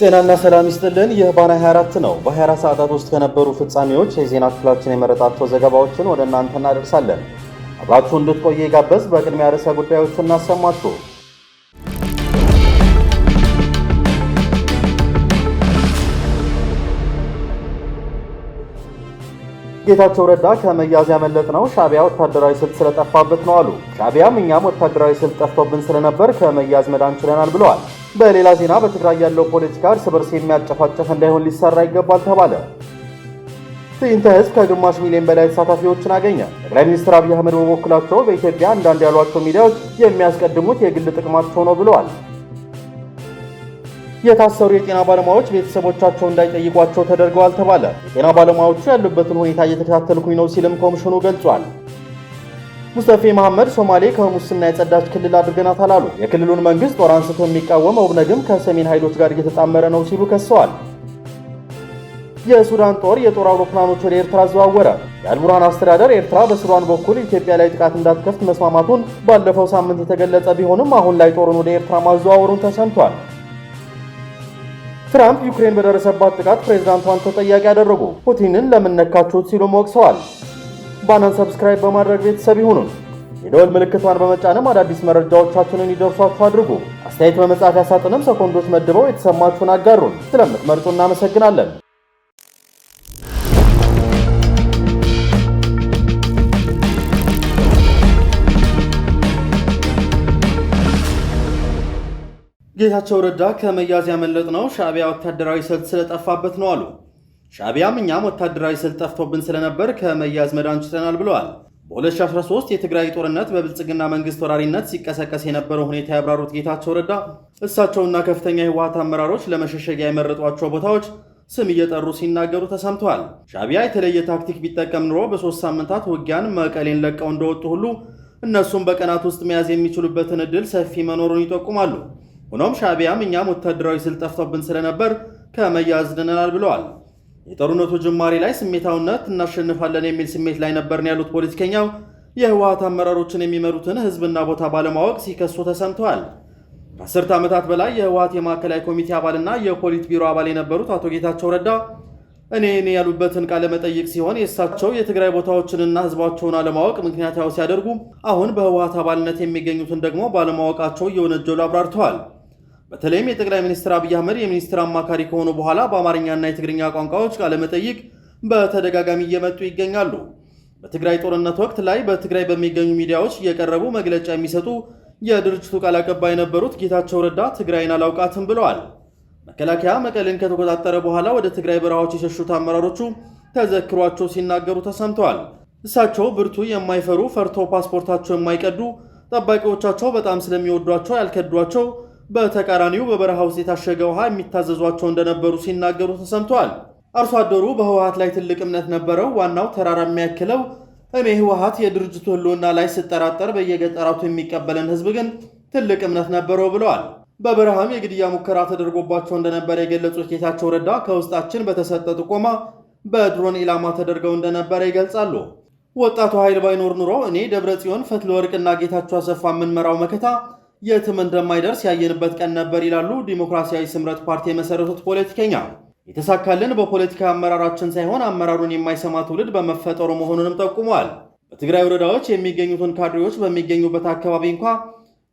ጤናና ሰላም ይስጥልን። ይህ ባና 24 ነው። በ24 ሰዓታት ውስጥ ከነበሩ ፍጻሜዎች የዜና ክፍላችን የመረጣቸው ዘገባዎችን ወደ እናንተ እናደርሳለን። አብራችሁ እንድትቆየ ይጋበዝ። በቅድሚያ ርዕሰ ጉዳዮች እናሰማችሁ። ጌታቸው ረዳ ከመያዝ ያመለጥ ነው ሻቢያ ወታደራዊ ስልት ስለጠፋበት ነው አሉ። ሻዕቢያም እኛም ወታደራዊ ስልት ጠፍቶብን ስለነበር ከመያዝ መዳን ችለናል ብለዋል። በሌላ ዜና በትግራይ ያለው ፖለቲካ እርስ በርስ የሚያጨፋጨፍ እንዳይሆን ሊሰራ ይገባል ተባለ። ትዕይንተ ህዝብ ከግማሽ ሚሊዮን በላይ ተሳታፊዎችን አገኘ። ጠቅላይ ሚኒስትር አብይ አህመድ በበኩላቸው በኢትዮጵያ አንዳንድ ያሏቸው ሚዲያዎች የሚያስቀድሙት የግል ጥቅማቸው ነው ብለዋል። የታሰሩ የጤና ባለሙያዎች ቤተሰቦቻቸው እንዳይጠይቋቸው ተደርገዋል ተባለ። የጤና ባለሙያዎቹ ያሉበትን ሁኔታ እየተከታተልኩኝ ነው ሲልም ኮሚሽኑ ገልጿል። ሙስጠፌ መሐመድ ሶማሌ ከሙስና የጸዳች ክልል አድርገናታል አሉ። የክልሉን መንግስት ጦር አንስቶ የሚቃወም ኦብነግም ከሰሜን ኃይሎች ጋር እየተጣመረ ነው ሲሉ ከሰዋል። የሱዳን ጦር የጦር አውሮፕላኖች ወደ ኤርትራ አዘዋወረ። የአልቡርሃን አስተዳደር ኤርትራ በሱዳን በኩል ኢትዮጵያ ላይ ጥቃት እንዳትከፍት መስማማቱን ባለፈው ሳምንት የተገለጸ ቢሆንም አሁን ላይ ጦሩን ወደ ኤርትራ ማዘዋወሩን ተሰምቷል። ትራምፕ ዩክሬን በደረሰባት ጥቃት ፕሬዝዳንቷን ተጠያቂ ያደረጉ፣ ፑቲንን ለምን ነካችሁት ሲሉም ወቅሰዋል። ባናን ሰብስክራይብ በማድረግ ቤተሰብ ይሁኑን። የደወል ምልክቷን በመጫንም አዳዲስ መረጃዎቻችንን ይደርሷችሁ አድርጉ። አስተያየት በመጻፊያ ሳጥንም ሰኮንዶች መድበው የተሰማችሁን አጋሩን። ስለምትመርጡ እናመሰግናለን። ጌታቸው ረዳ ከመያዝ ያመለጥ ነው ሻዕቢያ ወታደራዊ ስልት ስለጠፋበት ነው አሉ። ሻዕቢያም እኛም ወታደራዊ ስልት ጠፍቶብን ስለነበር ከመያዝ መዳን ችለናል ብለዋል። በ2013 የትግራይ ጦርነት በብልጽግና መንግስት ወራሪነት ሲቀሰቀስ የነበረው ሁኔታ ያብራሩት ጌታቸው ረዳ እሳቸውና ከፍተኛ የህወሓት አመራሮች ለመሸሸጊያ የመረጧቸው ቦታዎች ስም እየጠሩ ሲናገሩ ተሰምተዋል። ሻዕቢያ የተለየ ታክቲክ ቢጠቀም ኑሮ በሶስት ሳምንታት ውጊያን መቀሌን ለቀው እንደወጡ ሁሉ እነሱም በቀናት ውስጥ መያዝ የሚችሉበትን ዕድል ሰፊ መኖሩን ይጠቁማሉ። ሆኖም ሻቢያም እኛም ወታደራዊ ስል ጠፍቶብን ስለነበር ከመያዝ ድነናል ብለዋል። የጦርነቱ ጅማሬ ላይ ስሜታውነት እናሸንፋለን የሚል ስሜት ላይ ነበርን ያሉት ፖለቲከኛው የህወሀት አመራሮችን የሚመሩትን ህዝብና ቦታ ባለማወቅ ሲከሱ ተሰምተዋል። ከአስርት ዓመታት በላይ የህወሀት የማዕከላዊ ኮሚቴ አባልና የፖሊት ቢሮ አባል የነበሩት አቶ ጌታቸው ረዳ እኔ እኔ ያሉበትን ቃለ መጠይቅ ሲሆን የእሳቸው የትግራይ ቦታዎችንና ህዝባቸውን አለማወቅ ምክንያታዊ ሲያደርጉ፣ አሁን በህወሀት አባልነት የሚገኙትን ደግሞ ባለማወቃቸው እየወነጀሉ አብራርተዋል። በተለይም የጠቅላይ ሚኒስትር አብይ አህመድ የሚኒስትር አማካሪ ከሆኑ በኋላ በአማርኛና የትግርኛ ቋንቋዎች ቃለመጠይቅ በተደጋጋሚ እየመጡ ይገኛሉ። በትግራይ ጦርነት ወቅት ላይ በትግራይ በሚገኙ ሚዲያዎች እየቀረቡ መግለጫ የሚሰጡ የድርጅቱ ቃል አቀባይ የነበሩት ጌታቸው ረዳ ትግራይን አላውቃትም ብለዋል። መከላከያ መቀሌን ከተቆጣጠረ በኋላ ወደ ትግራይ በረሃዎች የሸሹት አመራሮቹ ተዘክሯቸው ሲናገሩ ተሰምተዋል። እሳቸው ብርቱ የማይፈሩ ፈርቶ ፓስፖርታቸው የማይቀዱ ጠባቂዎቻቸው በጣም ስለሚወዷቸው ያልከዷቸው በተቃራኒው በበረሃ ውስጥ የታሸገ ውሃ የሚታዘዟቸው እንደነበሩ ሲናገሩ ተሰምተዋል። አርሶ አደሩ በህወሀት ላይ ትልቅ እምነት ነበረው። ዋናው ተራራ የሚያክለው እኔ ህወሀት የድርጅቱ ህልውና ላይ ስጠራጠር በየገጠራቱ የሚቀበለን ህዝብ ግን ትልቅ እምነት ነበረው ብለዋል። በበረሃም የግድያ ሙከራ ተደርጎባቸው እንደነበረ የገለጹት ጌታቸው ረዳ ከውስጣችን በተሰጠ ጥቆማ በድሮን ኢላማ ተደርገው እንደነበረ ይገልጻሉ። ወጣቱ ኃይል ባይኖር ኑሮ እኔ ደብረ ጽዮን ፈትለ ወርቅና ጌታቸው አሰፋ የምንመራው መከታ የትም እንደማይደርስ ያየንበት ቀን ነበር ይላሉ ዲሞክራሲያዊ ስምረት ፓርቲ የመሰረቱት ፖለቲከኛ። የተሳካልን በፖለቲካ አመራራችን ሳይሆን አመራሩን የማይሰማ ትውልድ በመፈጠሩ መሆኑንም ጠቁመዋል። በትግራይ ወረዳዎች የሚገኙትን ካድሬዎች በሚገኙበት አካባቢ እንኳ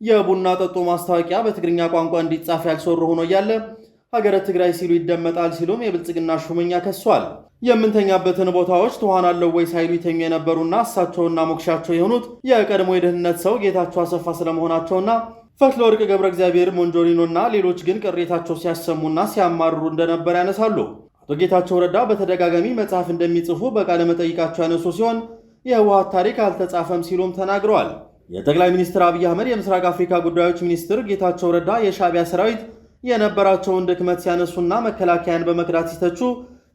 የቡና ጠጡ ማስታወቂያ በትግርኛ ቋንቋ እንዲጻፍ ያልሰሩ ሆኖ እያለ ሀገረ ትግራይ ሲሉ ይደመጣል ሲሉም የብልጽግና ሹመኛ ከሷል። የምንተኛበትን ቦታዎች ትኋናለው ወይ ሳይሉ ይተኙ የነበሩና እሳቸውና ሞክሻቸው የሆኑት የቀድሞ የደህንነት ሰው ጌታቸው አሰፋ ስለመሆናቸውና ፈትለ ወርቅ ገብረ እግዚአብሔር ሞንጆሪኖና ሌሎች ግን ቅሬታቸው ሲያሰሙና ሲያማርሩ እንደነበር ያነሳሉ። አቶ ጌታቸው ረዳ በተደጋጋሚ መጽሐፍ እንደሚጽፉ በቃለ መጠይቃቸው ያነሱ ሲሆን የህወሀት ታሪክ አልተጻፈም ሲሉም ተናግረዋል። የጠቅላይ ሚኒስትር አብይ አህመድ የምስራቅ አፍሪካ ጉዳዮች ሚኒስትር ጌታቸው ረዳ የሻቢያ ሰራዊት የነበራቸውን ድክመት ሲያነሱና መከላከያን በመክዳት ሲተቹ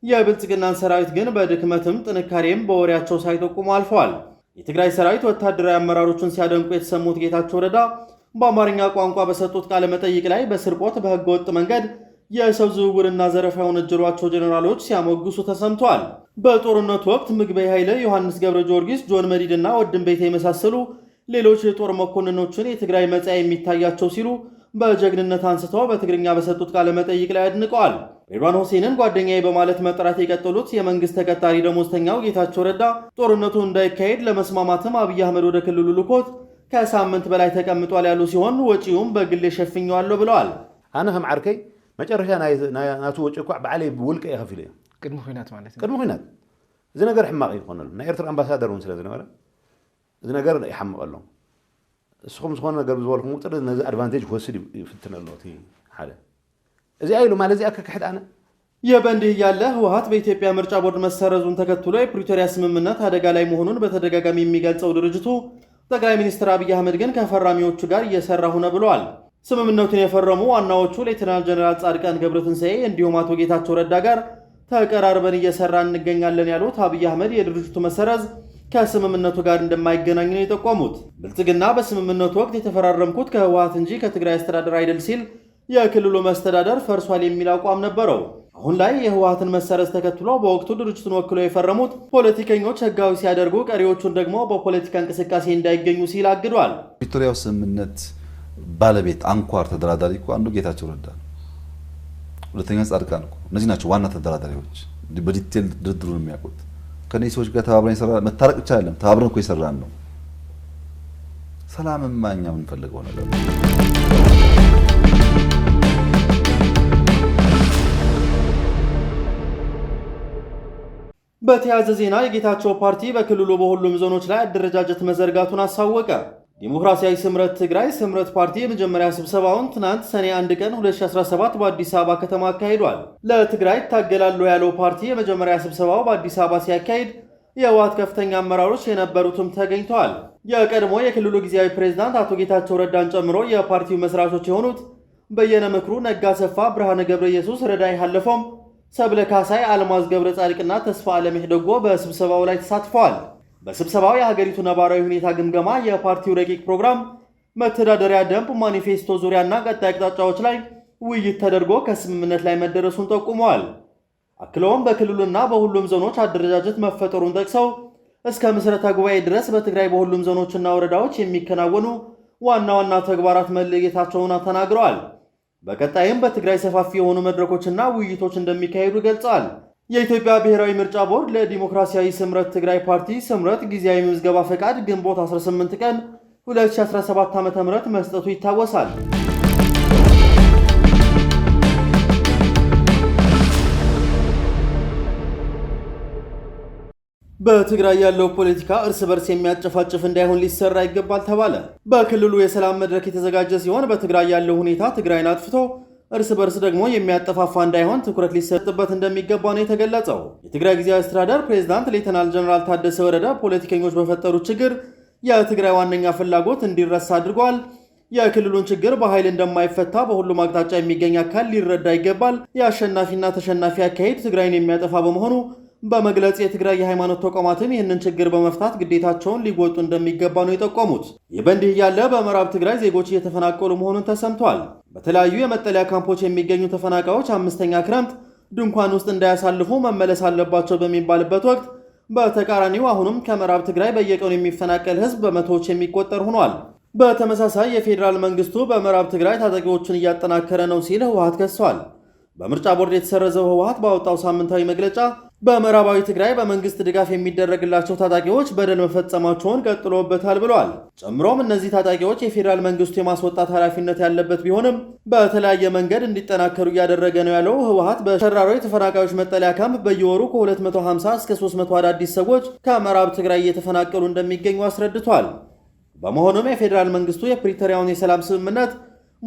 የብልጽግናን ሰራዊት ግን በድክመትም ጥንካሬም በወሬያቸው ሳይጠቁሙ አልፈዋል። የትግራይ ሰራዊት ወታደራዊ አመራሮቹን ሲያደንቁ የተሰሙት ጌታቸው ረዳ በአማርኛ ቋንቋ በሰጡት ቃለ መጠይቅ ላይ በስርቆት ወጥ መንገድ የሰው ዝውውርና ዘረፋ የወነጀሏቸው ጀኔራሎች ሲያሞግሱ ተሰምተዋል። በጦርነቱ ወቅት ምግበይ ኃይለ፣ ዮሐንስ ገብረ ጊዮርጊስ፣ ጆን መዲድ እና ወድም ቤተ የመሳሰሉ ሌሎች የጦር መኮንኖችን የትግራይ መጻኢ የሚታያቸው ሲሉ በጀግንነት አንስተው በትግርኛ በሰጡት ቃለ መጠይቅ ላይ አድንቀዋል። ሬድዋን ሁሴንን ጓደኛዬ በማለት መጠራት የቀጠሉት የመንግስት ተቀጣሪ ደሞዝተኛው ጌታቸው ረዳ ጦርነቱ እንዳይካሄድ ለመስማማትም አብይ አህመድ ወደ ክልሉ ልኮት ከሳምንት በላይ ተቀምጧል ያሉ ሲሆን ወጪውም በግል የሸፍኘዋለሁ ብለዋል። አነ ከም ዓርከይ መጨረሻ ናቱ ወጪ እኳ በዓለይ ብውልቀ እየ ቅድሚ ኩናት ማለት ቅድሚ ኩናት እዚ ነገር ሕማቅ ይኮነሉ ናይ ኤርትራ አምባሳደር እውን ስለ ዝነበረ እዚ ነገር ይሓምቀሎም እስኹም ዝኾነ ነገር ዝበልኩም ቁፅር ነዚ ኣድቫንቴጅ ክወስድ ይፍትን ኣሎ እቲ ሓደ እዚኣ ኢሉ ማለት እዚኣ ከክሕድ ኣነ ይህ እያለ በኢትዮጵያ ምርጫ ቦርድ መሰረዙን ተከትሎ የፕሪቶሪያ ስምምነት አደጋ ላይ መሆኑን በተደጋጋሚ የሚገልጸው ድርጅቱ ጠቅላይ ሚኒስትር አብይ አህመድ ግን ከፈራሚዎቹ ጋር እየሰራሁ ነው ብለዋል። ስምምነቱን የፈረሙ ዋናዎቹ ሌተናል ጀነራል ጻድቃን ገብረትንሳኤ እንዲሁም አቶ ጌታቸው ረዳ ጋር ተቀራርበን እየሰራ እንገኛለን ያሉት አብይ አህመድ የድርጅቱ መሰረዝ ከስምምነቱ ጋር እንደማይገናኝ ነው የጠቆሙት። ብልጽግና በስምምነቱ ወቅት የተፈራረምኩት ከህወሀት እንጂ ከትግራይ አስተዳደር አይደል ሲል የክልሉ መስተዳደር ፈርሷል የሚል አቋም ነበረው። አሁን ላይ የህወሀትን መሰረዝ ተከትሎ በወቅቱ ድርጅቱን ወክለው የፈረሙት ፖለቲከኞች ህጋዊ ሲያደርጉ ቀሪዎቹን ደግሞ በፖለቲካ እንቅስቃሴ እንዳይገኙ ሲል አግዷል። ፕሪቶሪያው ስምምነት ባለቤት አንኳር ተደራዳሪ እኮ አንዱ ጌታቸው ረዳ ነው፣ ሁለተኛ ጻድቃን እኮ እነዚህ ናቸው ዋና ተደራዳሪዎች በዲቴል ድርድሩን የሚያውቁት። ከነዚህ ሰዎች ጋር ተባብረን ይሰራ መታረቅ ብቻ አይደለም፣ ተባብረን እኮ የሰራን ነው። ሰላምማ እኛ የምንፈልገው ነገር በተያያዘ ዜና የጌታቸው ፓርቲ በክልሉ በሁሉም ዞኖች ላይ አደረጃጀት መዘርጋቱን አሳወቀ። ዲሞክራሲያዊ ስምረት ትግራይ ስምረት ፓርቲ የመጀመሪያ ስብሰባውን ትናንት ሰኔ 1 ቀን 2017 በአዲስ አበባ ከተማ አካሂዷል። ለትግራይ እታገላለሁ ያለው ፓርቲ የመጀመሪያ ስብሰባው በአዲስ አበባ ሲያካሂድ የህወሓት ከፍተኛ አመራሮች የነበሩትም ተገኝተዋል። የቀድሞ የክልሉ ጊዜያዊ ፕሬዝዳንት አቶ ጌታቸው ረዳን ጨምሮ የፓርቲው መስራቾች የሆኑት በየነ ምክሩ፣ ነጋ ሰፋ፣ ብርሃነ ገብረ ኢየሱስ፣ ረዳይ ሀለፎም፣ ሰብለ ካሳይ፣ አልማዝ ገብረ ጻድቅና ተስፋ አለሚህ ደጎ በስብሰባው ላይ ተሳትፈዋል። በስብሰባው የሀገሪቱ ነባራዊ ሁኔታ ግምገማ፣ የፓርቲው ረቂቅ ፕሮግራም፣ መተዳደሪያ ደንብ፣ ማኒፌስቶ ዙሪያና ቀጣይ አቅጣጫዎች ላይ ውይይት ተደርጎ ከስምምነት ላይ መደረሱን ጠቁመዋል። አክለውም በክልሉና በሁሉም ዞኖች አደረጃጀት መፈጠሩን ጠቅሰው እስከ ምስረታ ጉባኤ ድረስ በትግራይ በሁሉም ዞኖችና ወረዳዎች የሚከናወኑ ዋና ዋና ተግባራት መለየታቸውን ተናግረዋል። በቀጣይም በትግራይ ሰፋፊ የሆኑ መድረኮችና ውይይቶች እንደሚካሄዱ ገልጸዋል። የኢትዮጵያ ብሔራዊ ምርጫ ቦርድ ለዲሞክራሲያዊ ስምረት ትግራይ ፓርቲ ስምረት ጊዜያዊ ምዝገባ ፈቃድ ግንቦት 18 ቀን 2017 ዓ ም መስጠቱ ይታወሳል። በትግራይ ያለው ፖለቲካ እርስ በርስ የሚያጨፋጭፍ እንዳይሆን ሊሰራ ይገባል ተባለ። በክልሉ የሰላም መድረክ የተዘጋጀ ሲሆን በትግራይ ያለው ሁኔታ ትግራይን አጥፍቶ እርስ በርስ ደግሞ የሚያጠፋፋ እንዳይሆን ትኩረት ሊሰጥበት እንደሚገባ ነው የተገለጸው። የትግራይ ጊዜያዊ አስተዳደር ፕሬዝዳንት ሌተናል ጀነራል ታደሰ ወረደ ፖለቲከኞች በፈጠሩት ችግር የትግራይ ዋነኛ ፍላጎት እንዲረሳ አድርጓል። የክልሉን ችግር በኃይል እንደማይፈታ በሁሉም አቅጣጫ የሚገኝ አካል ሊረዳ ይገባል። የአሸናፊና ተሸናፊ አካሄድ ትግራይን የሚያጠፋ በመሆኑ በመግለጽ የትግራይ የሃይማኖት ተቋማትም ይህንን ችግር በመፍታት ግዴታቸውን ሊወጡ እንደሚገባ ነው የጠቆሙት። ይህ በእንዲህ እያለ በምዕራብ ትግራይ ዜጎች እየተፈናቀሉ መሆኑን ተሰምቷል። በተለያዩ የመጠለያ ካምፖች የሚገኙ ተፈናቃዮች አምስተኛ ክረምት ድንኳን ውስጥ እንዳያሳልፉ መመለስ አለባቸው በሚባልበት ወቅት በተቃራኒው አሁንም ከምዕራብ ትግራይ በየቀኑ የሚፈናቀል ህዝብ በመቶዎች የሚቆጠር ሆኗል። በተመሳሳይ የፌዴራል መንግስቱ በምዕራብ ትግራይ ታጣቂዎችን እያጠናከረ ነው ሲል ህወሀት ከሷል። በምርጫ ቦርድ የተሰረዘው ህወሀት ባወጣው ሳምንታዊ መግለጫ በምዕራባዊ ትግራይ በመንግስት ድጋፍ የሚደረግላቸው ታጣቂዎች በደል መፈጸማቸውን ቀጥሎበታል ብለዋል። ጨምሮም እነዚህ ታጣቂዎች የፌዴራል መንግስቱ የማስወጣት ኃላፊነት ያለበት ቢሆንም በተለያየ መንገድ እንዲጠናከሩ እያደረገ ነው ያለው ህወሀት በሸራሮ የተፈናቃዮች መጠለያ ካምፕ በየወሩ ከ250 እስከ 300 አዳዲስ ሰዎች ከምዕራብ ትግራይ እየተፈናቀሉ እንደሚገኙ አስረድቷል። በመሆኑም የፌዴራል መንግስቱ የፕሪቶሪያውን የሰላም ስምምነት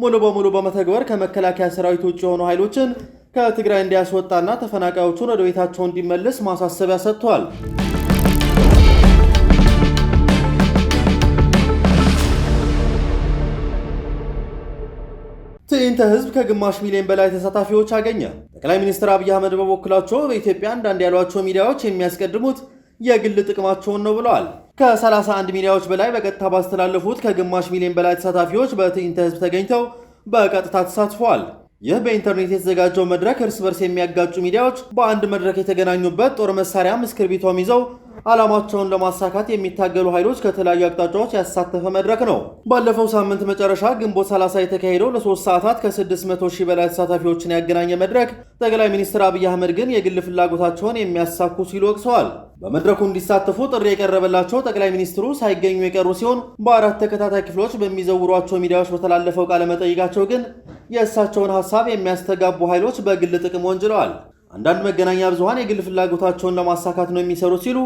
ሙሉ በሙሉ በመተግበር ከመከላከያ ሰራዊት ውጭ የሆኑ ኃይሎችን ከትግራይ እንዲያስወጣና ተፈናቃዮቹን ወደ ቤታቸው እንዲመልስ ማሳሰቢያ ሰጥቷል። ትዕይንተ ህዝብ ከግማሽ ሚሊዮን በላይ ተሳታፊዎች አገኘ። ጠቅላይ ሚኒስትር አብይ አህመድ በበኩላቸው በኢትዮጵያ አንዳንድ ያሏቸው ሚዲያዎች የሚያስቀድሙት የግል ጥቅማቸውን ነው ብለዋል። ከ31 ሚዲያዎች በላይ በቀጥታ ባስተላለፉት ከግማሽ ሚሊዮን በላይ ተሳታፊዎች በትዕይንተ ህዝብ ተገኝተው በቀጥታ ተሳትፈዋል። ይህ በኢንተርኔት የተዘጋጀው መድረክ እርስ በርስ የሚያጋጩ ሚዲያዎች በአንድ መድረክ የተገናኙበት፣ ጦር መሳሪያም እስክርቢቶም ይዘው ዓላማቸውን ለማሳካት የሚታገሉ ኃይሎች ከተለያዩ አቅጣጫዎች ያሳተፈ መድረክ ነው። ባለፈው ሳምንት መጨረሻ ግንቦት 30 የተካሄደው ለሶስት ሰዓታት ከ600 ሺህ በላይ ተሳታፊዎችን ያገናኘ መድረክ ጠቅላይ ሚኒስትር አብይ አህመድ ግን የግል ፍላጎታቸውን የሚያሳኩ ሲሉ ወቅሰዋል። በመድረኩ እንዲሳተፉ ጥሪ የቀረበላቸው ጠቅላይ ሚኒስትሩ ሳይገኙ የቀሩ ሲሆን በአራት ተከታታይ ክፍሎች በሚዘውሯቸው ሚዲያዎች በተላለፈው ቃለ መጠይቃቸው ግን የእሳቸውን ሀሳብ የሚያስተጋቡ ኃይሎች በግል ጥቅም ወንጅለዋል። አንዳንድ መገናኛ ብዙሃን የግል ፍላጎታቸውን ለማሳካት ነው የሚሰሩት ሲሉ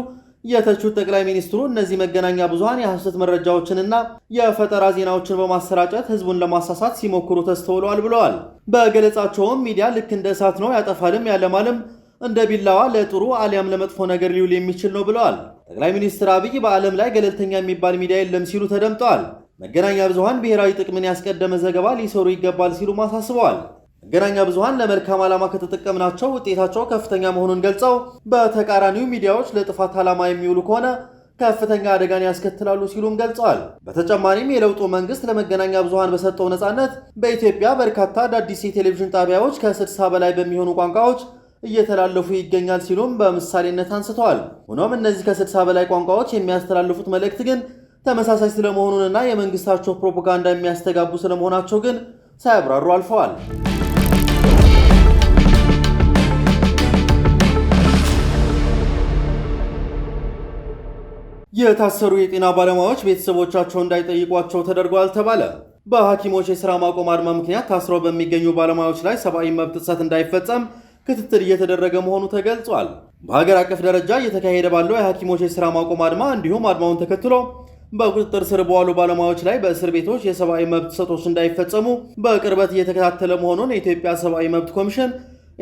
የተቹት ጠቅላይ ሚኒስትሩ እነዚህ መገናኛ ብዙሃን የሐሰት መረጃዎችንና የፈጠራ ዜናዎችን በማሰራጨት ህዝቡን ለማሳሳት ሲሞክሩ ተስተውለዋል ብለዋል። በገለጻቸውም ሚዲያ ልክ እንደ እሳት ነው፣ ያጠፋልም ያለማልም፣ እንደ ቢላዋ ለጥሩ አሊያም ለመጥፎ ነገር ሊውል የሚችል ነው ብለዋል። ጠቅላይ ሚኒስትር አብይ በዓለም ላይ ገለልተኛ የሚባል ሚዲያ የለም ሲሉ ተደምጠዋል። መገናኛ ብዙሃን ብሔራዊ ጥቅምን ያስቀደመ ዘገባ ሊሰሩ ይገባል ሲሉ አሳስበዋል። መገናኛ ብዙሃን ለመልካም ዓላማ ከተጠቀምናቸው ውጤታቸው ከፍተኛ መሆኑን ገልጸው በተቃራኒው ሚዲያዎች ለጥፋት ዓላማ የሚውሉ ከሆነ ከፍተኛ አደጋን ያስከትላሉ ሲሉም ገልጸዋል። በተጨማሪም የለውጡ መንግስት ለመገናኛ ብዙሃን በሰጠው ነፃነት በኢትዮጵያ በርካታ አዳዲስ የቴሌቪዥን ጣቢያዎች ከ60 በላይ በሚሆኑ ቋንቋዎች እየተላለፉ ይገኛል ሲሉም በምሳሌነት አንስተዋል። ሆኖም እነዚህ ከ60 በላይ ቋንቋዎች የሚያስተላልፉት መልእክት ግን ተመሳሳይ ስለመሆኑንና የመንግስታቸው ፕሮፓጋንዳ የሚያስተጋቡ ስለመሆናቸው ግን ሳያብራሩ አልፈዋል። የታሰሩ የጤና ባለሙያዎች ቤተሰቦቻቸው እንዳይጠይቋቸው ተደርጓል ተባለ። በሐኪሞች የሥራ ማቆም አድማ ምክንያት ታስረው በሚገኙ ባለሙያዎች ላይ ሰብአዊ መብት ጥሰት እንዳይፈጸም ክትትል እየተደረገ መሆኑ ተገልጿል። በሀገር አቀፍ ደረጃ እየተካሄደ ባለው የሐኪሞች የሥራ ማቆም አድማ እንዲሁም አድማውን ተከትሎ በቁጥጥር ስር በዋሉ ባለሙያዎች ላይ በእስር ቤቶች የሰብአዊ መብት ጥሰቶች እንዳይፈጸሙ በቅርበት እየተከታተለ መሆኑን የኢትዮጵያ ሰብአዊ መብት ኮሚሽን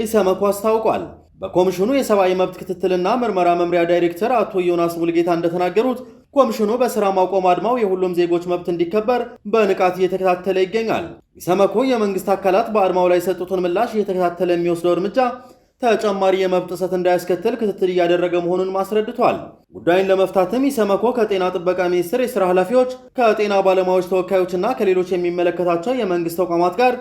ኢሰመኮ አስታውቋል። በኮሚሽኑ የሰብአዊ መብት ክትትልና ምርመራ መምሪያ ዳይሬክተር አቶ ዮናስ ሙልጌታ እንደተናገሩት ኮሚሽኑ በስራ ማቆም አድማው የሁሉም ዜጎች መብት እንዲከበር በንቃት እየተከታተለ ይገኛል። ኢሰመኮ የመንግስት አካላት በአድማው ላይ የሰጡትን ምላሽ እየተከታተለ የሚወስደው እርምጃ ተጨማሪ የመብት ጥሰት እንዳያስከትል ክትትል እያደረገ መሆኑን ማስረድቷል። ጉዳይን ለመፍታትም ኢሰመኮ ከጤና ጥበቃ ሚኒስቴር የስራ ኃላፊዎች፣ ከጤና ባለሙያዎች ተወካዮችና ከሌሎች የሚመለከታቸው የመንግስት ተቋማት ጋር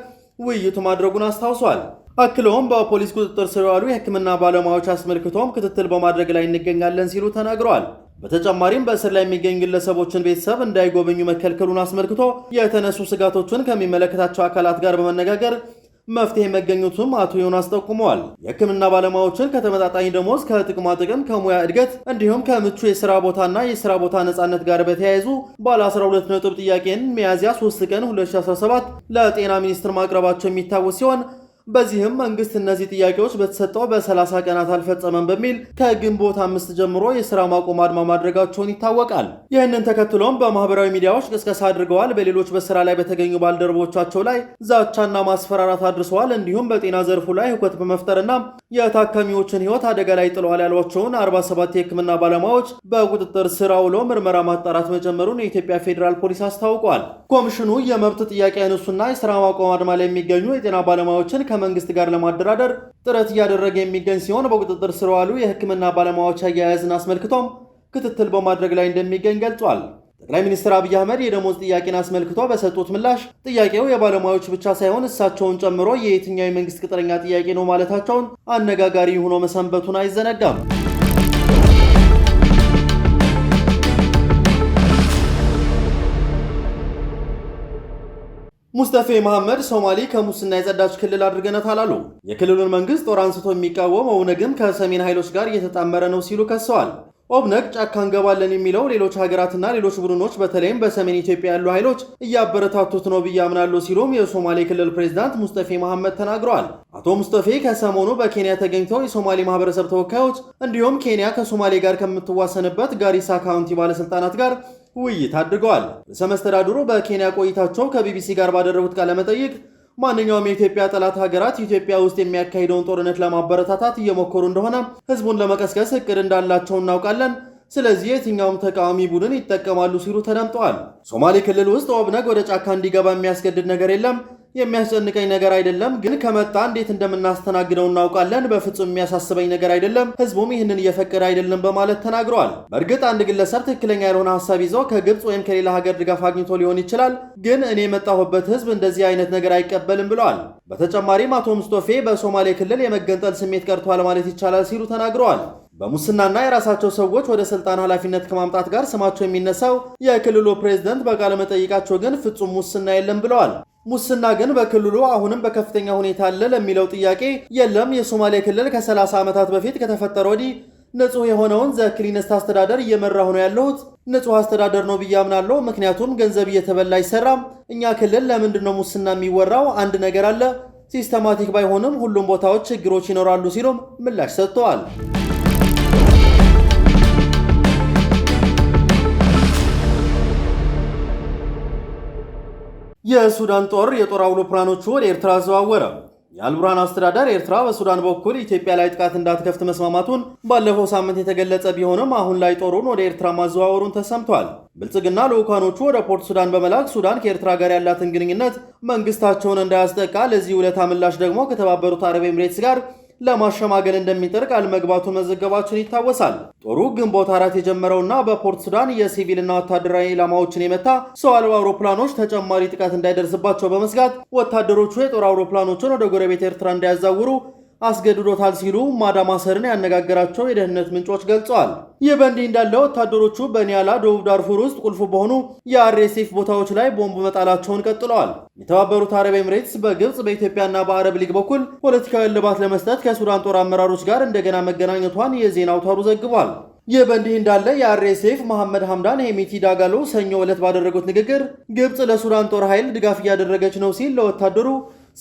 ውይይቱ ማድረጉን አስታውሷል። አክለውም በፖሊስ ቁጥጥር ስር ያሉ የሕክምና ባለሙያዎች አስመልክቶም ክትትል በማድረግ ላይ እንገኛለን ሲሉ ተናግረዋል። በተጨማሪም በእስር ላይ የሚገኝ ግለሰቦችን ቤተሰብ እንዳይጎበኙ መከልከሉን አስመልክቶ የተነሱ ስጋቶችን ከሚመለከታቸው አካላት ጋር በመነጋገር መፍትሄ መገኘቱም አቶ ዮናስ ጠቁመዋል። የሕክምና ባለሙያዎችን ከተመጣጣኝ ደሞዝ፣ ከጥቅማ ጥቅም፣ ከሙያ እድገት እንዲሁም ከምቹ የስራ ቦታና የስራ ቦታ ነጻነት ጋር በተያያዙ ባለ 12 ነጥብ ጥያቄን ሚያዝያ 3 ቀን 2017 ለጤና ሚኒስትር ማቅረባቸው የሚታወስ ሲሆን በዚህም መንግስት እነዚህ ጥያቄዎች በተሰጠው በ30 ቀናት አልፈጸመም በሚል ከግንቦት አምስት ጀምሮ የስራ ማቆም አድማ ማድረጋቸውን ይታወቃል። ይህንን ተከትሎም በማህበራዊ ሚዲያዎች ቅስቀሳ አድርገዋል፣ በሌሎች በስራ ላይ በተገኙ ባልደረቦቻቸው ላይ ዛቻና ማስፈራራት አድርሰዋል፣ እንዲሁም በጤና ዘርፉ ላይ ህውከት በመፍጠርና የታካሚዎችን ህይወት አደጋ ላይ ጥለዋል ያሏቸውን 47 የህክምና ባለሙያዎች በቁጥጥር ስር አውሎ ምርመራ ማጣራት መጀመሩን የኢትዮጵያ ፌዴራል ፖሊስ አስታውቋል። ኮሚሽኑ የመብት ጥያቄ ያነሱና የስራ ማቆም አድማ ላይ የሚገኙ የጤና ባለሙያዎችን ከመንግስት ጋር ለማደራደር ጥረት እያደረገ የሚገኝ ሲሆን በቁጥጥር ስር ዋሉ የህክምና ባለሙያዎች አያያዝን አስመልክቶም ክትትል በማድረግ ላይ እንደሚገኝ ገልጿል። ጠቅላይ ሚኒስትር አብይ አህመድ የደሞዝ ጥያቄን አስመልክቶ በሰጡት ምላሽ ጥያቄው የባለሙያዎች ብቻ ሳይሆን እሳቸውን ጨምሮ የየትኛው የመንግስት ቅጥረኛ ጥያቄ ነው ማለታቸውን አነጋጋሪ ሆኖ መሰንበቱን አይዘነጋም። ሙስተፌ መሐመድ ሶማሌ ከሙስና የጸዳች ክልል አድርገናታል አሉ። የክልሉን መንግስት ጦር አንስቶ የሚቃወም ኦነግም ከሰሜን ኃይሎች ጋር እየተጣመረ ነው ሲሉ ከሰዋል። ኦብነግ ጫካ እንገባለን የሚለው ሌሎች ሀገራትና ሌሎች ቡድኖች በተለይም በሰሜን ኢትዮጵያ ያሉ ኃይሎች እያበረታቱት ነው ብዬ አምናለሁ ሲሉም የሶማሌ ክልል ፕሬዚዳንት ሙስጠፌ መሐመድ ተናግረዋል። አቶ ሙስጠፌ ከሰሞኑ በኬንያ ተገኝተው የሶማሌ ማህበረሰብ ተወካዮች እንዲሁም ኬንያ ከሶማሌ ጋር ከምትዋሰንበት ጋሪሳ ካውንቲ ባለስልጣናት ጋር ውይይት አድርገዋል። ርዕሰ መስተዳድሩ በኬንያ ቆይታቸው ከቢቢሲ ጋር ባደረጉት ቃለመጠይቅ ማንኛውም የኢትዮጵያ ጠላት ሀገራት ኢትዮጵያ ውስጥ የሚያካሂደውን ጦርነት ለማበረታታት እየሞከሩ እንደሆነ ህዝቡን ለመቀስቀስ እቅድ እንዳላቸው እናውቃለን። ስለዚህ የትኛውም ተቃዋሚ ቡድን ይጠቀማሉ ሲሉ ተደምጠዋል። ሶማሌ ክልል ውስጥ ኦብነግ ወደ ጫካ እንዲገባ የሚያስገድድ ነገር የለም የሚያስጨንቀኝ ነገር አይደለም፣ ግን ከመጣ እንዴት እንደምናስተናግደው እናውቃለን። በፍጹም የሚያሳስበኝ ነገር አይደለም፣ ህዝቡም ይህንን እየፈቀደ አይደለም በማለት ተናግረዋል። በእርግጥ አንድ ግለሰብ ትክክለኛ ያልሆነ ሀሳብ ይዞ ከግብፅ ወይም ከሌላ ሀገር ድጋፍ አግኝቶ ሊሆን ይችላል፣ ግን እኔ የመጣሁበት ህዝብ እንደዚህ አይነት ነገር አይቀበልም ብለዋል። በተጨማሪም አቶ ሙስጦፌ በሶማሌ ክልል የመገንጠል ስሜት ቀርቷል ማለት ይቻላል ሲሉ ተናግረዋል። በሙስናና የራሳቸው ሰዎች ወደ ስልጣን ኃላፊነት ከማምጣት ጋር ስማቸው የሚነሳው የክልሉ ፕሬዝደንት በቃለ መጠይቃቸው ግን ፍጹም ሙስና የለም ብለዋል። ሙስና ግን በክልሉ አሁንም በከፍተኛ ሁኔታ አለ ለሚለው ጥያቄ የለም፣ የሶማሌ ክልል ከ30 ዓመታት በፊት ከተፈጠረ ወዲህ ንጹህ የሆነውን ዘክሊነስት አስተዳደር እየመራሁ ነው ያለሁት ንጹህ አስተዳደር ነው ብዬ አምናለሁ። ምክንያቱም ገንዘብ እየተበላ አይሰራም። እኛ ክልል ለምንድን ነው ሙስና የሚወራው? አንድ ነገር አለ፣ ሲስተማቲክ ባይሆንም ሁሉም ቦታዎች ችግሮች ይኖራሉ ሲሉም ምላሽ ሰጥተዋል። የሱዳን ጦር የጦር አውሮፕላኖቹ ወደ ኤርትራ አዘዋወረ። የአልቡርሃን አስተዳደር ኤርትራ በሱዳን በኩል ኢትዮጵያ ላይ ጥቃት እንዳትከፍት መስማማቱን ባለፈው ሳምንት የተገለጸ ቢሆንም አሁን ላይ ጦሩን ወደ ኤርትራ ማዘዋወሩን ተሰምቷል። ብልጽግና ልዑካኖቹ ወደ ፖርት ሱዳን በመላክ ሱዳን ከኤርትራ ጋር ያላትን ግንኙነት መንግስታቸውን እንዳያስጠቃ፣ ለዚህ ውለታ ምላሽ ደግሞ ከተባበሩት አረብ ኤምሬትስ ጋር ለማሸማገል እንደሚጥር ቃል መግባቱን መዘገባችን ይታወሳል። ጦሩ ግንቦት አራት የጀመረውና በፖርት ሱዳን የሲቪልና ወታደራዊ ኢላማዎችን የመታ ሰው አልባ አውሮፕላኖች ተጨማሪ ጥቃት እንዳይደርስባቸው በመስጋት ወታደሮቹ የጦር አውሮፕላኖችን ወደ ጎረቤት ኤርትራ እንዳያዛውሩ አስገድዶታል ሲሉ ማዳማሰርን ያነጋገራቸው የደህንነት ምንጮች ገልጸዋል። ይህ በእንዲህ እንዳለ ወታደሮቹ በኒያላ ደቡብ ዳርፉር ውስጥ ቁልፍ በሆኑ የአርኤስኤፍ ቦታዎች ላይ ቦምብ መጣላቸውን ቀጥለዋል። የተባበሩት አረብ ኤምሬትስ በግብፅ በኢትዮጵያና በአረብ ሊግ በኩል ፖለቲካዊ እልባት ለመስጠት ከሱዳን ጦር አመራሮች ጋር እንደገና መገናኘቷን የዜና አውታሩ ዘግቧል። ይህ በእንዲህ እንዳለ የአርኤስኤፍ መሐመድ ሐምዳን ሄሚቲ ዳጋሎ ሰኞ ዕለት ባደረጉት ንግግር ግብፅ ለሱዳን ጦር ኃይል ድጋፍ እያደረገች ነው ሲል ለወታደሩ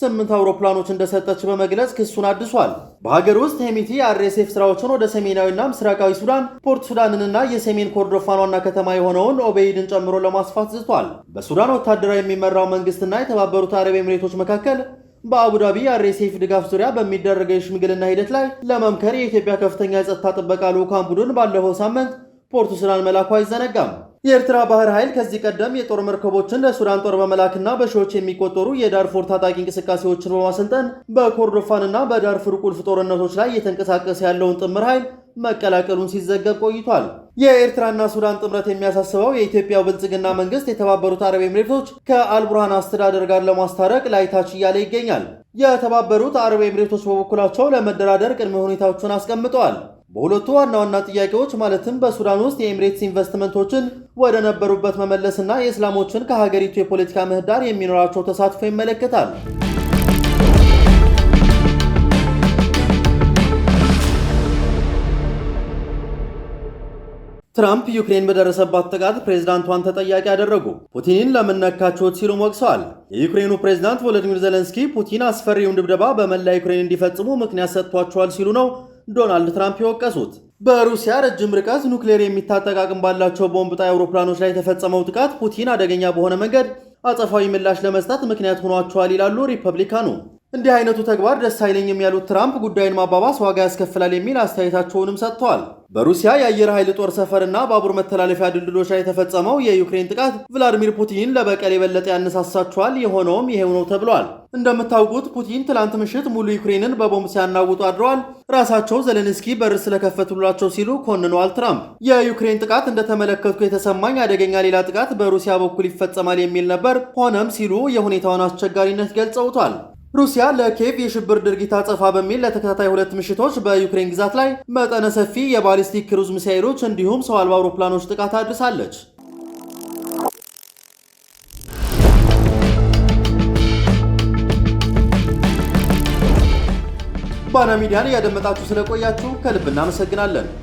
ስምንት አውሮፕላኖች እንደሰጠች በመግለጽ ክሱን አድሷል። በሀገር ውስጥ ሄሚቲ የአርኤስኤፍ ስራዎችን ወደ ሰሜናዊና ምስራቃዊ ሱዳን፣ ፖርት ሱዳንንና የሰሜን ኮርዶፋን ዋና ከተማ የሆነውን ኦቤይድን ጨምሮ ለማስፋት ዝቷል። በሱዳን ወታደራዊ የሚመራው መንግስትና የተባበሩት አረብ ኤምሬቶች መካከል በአቡዳቢ የአርኤስኤፍ ድጋፍ ዙሪያ በሚደረገው የሽምግልና ሂደት ላይ ለመምከር የኢትዮጵያ ከፍተኛ የጸጥታ ጥበቃ ልዑካን ቡድን ባለፈው ሳምንት ፖርት ሱዳን መላኩ አይዘነጋም። የኤርትራ ባህር ኃይል ከዚህ ቀደም የጦር መርከቦችን ለሱዳን ጦር በመላክና በሺዎች የሚቆጠሩ የዳርፎር ታጣቂ እንቅስቃሴዎችን በማሰልጠን በኮርዶፋንና በዳርፉር ቁልፍ ጦርነቶች ላይ እየተንቀሳቀሰ ያለውን ጥምር ኃይል መቀላቀሉን ሲዘገብ ቆይቷል። የኤርትራና ሱዳን ጥምረት የሚያሳስበው የኢትዮጵያው ብልጽግና መንግስት የተባበሩት አረብ ኤምሬቶች ከአልቡርሃን አስተዳደር ጋር ለማስታረቅ ላይታች እያለ ይገኛል። የተባበሩት አረብ ኤምሬቶች በበኩላቸው ለመደራደር ቅድመ ሁኔታዎቹን አስቀምጠዋል። በሁለቱ ዋና ዋና ጥያቄዎች ማለትም በሱዳን ውስጥ የኤምሬትስ ኢንቨስትመንቶችን ወደ ነበሩበት መመለስና የእስላሞችን ከሀገሪቱ የፖለቲካ ምህዳር የሚኖራቸው ተሳትፎ ይመለከታል። ትራምፕ ዩክሬን በደረሰባት ጥቃት ፕሬዝዳንቷን ተጠያቂ አደረጉ። ፑቲንን ለምን ሲሉ ሲሉም ወቅሰዋል። የዩክሬኑ ፕሬዝዳንት ቮሎዲሚር ዜሌንስኪ ፑቲን አስፈሪውን ድብደባ በመላ ዩክሬን እንዲፈጽሙ ምክንያት ሰጥቷቸዋል ሲሉ ነው ዶናልድ ትራምፕ የወቀሱት። በሩሲያ ረጅም ርቀት ኑክሌር የሚታጠቃቅም ባላቸው ቦምብ ጣይ አውሮፕላኖች ላይ የተፈጸመው ጥቃት ፑቲን አደገኛ በሆነ መንገድ አጸፋዊ ምላሽ ለመስጠት ምክንያት ሆኗቸዋል ይላሉ ሪፐብሊካኑ። እንዲህ አይነቱ ተግባር ደስ አይለኝም ያሉት ትራምፕ ጉዳዩን ማባባስ ዋጋ ያስከፍላል የሚል አስተያየታቸውንም ሰጥተዋል። በሩሲያ የአየር ኃይል ጦር ሰፈርና ባቡር መተላለፊያ ድልድሎች ላይ የተፈጸመው የዩክሬን ጥቃት ቭላድሚር ፑቲን ለበቀል የበለጠ ያነሳሳቸዋል፣ የሆነውም ይሄው ነው ተብሏል። እንደምታውቁት ፑቲን ትላንት ምሽት ሙሉ ዩክሬንን በቦምብ ሲያናውጡ አድረዋል። ራሳቸው ዘለንስኪ በር ስለከፈቱላቸው ሲሉ ኮንነዋል ትራምፕ። የዩክሬን ጥቃት እንደተመለከትኩ የተሰማኝ አደገኛ ሌላ ጥቃት በሩሲያ በኩል ይፈጸማል የሚል ነበር፣ ሆነም ሲሉ የሁኔታውን አስቸጋሪነት ገልጸውታል። ሩሲያ ለኬቭ የሽብር ድርጊት አጸፋ በሚል ለተከታታይ ሁለት ምሽቶች በዩክሬን ግዛት ላይ መጠነ ሰፊ የባሊስቲክ ክሩዝ ሚሳይሎች እንዲሁም ሰው አልባ አውሮፕላኖች ጥቃት አድርሳለች። ባና ሚዲያን እያደመጣችሁ ስለቆያችሁ ከልብ እናመሰግናለን።